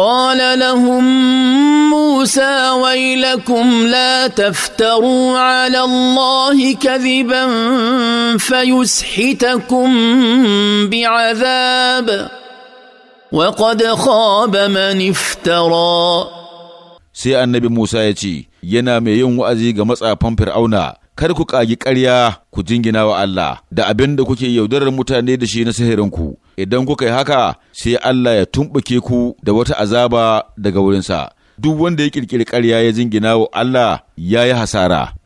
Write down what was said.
قال لهم موسى ويلكم لا تفتروا على الله كذبا فيسحتكم بعذاب وقد خاب من افترى sai annabi Musa ya ce, Yana mai yin wa'azi ga matsafan Fir'auna, kar ku ƙagi ƙarya ku jingina wa Allah da abinda kuke yaudarar mutane da shi na sihirinku. idan kuka yi haka sai Allah ya tumɓuke ku da wata azaba daga wurinsa, duk wanda ya ƙirƙiri ƙarya ya zingina wa Allah ya yi hasara.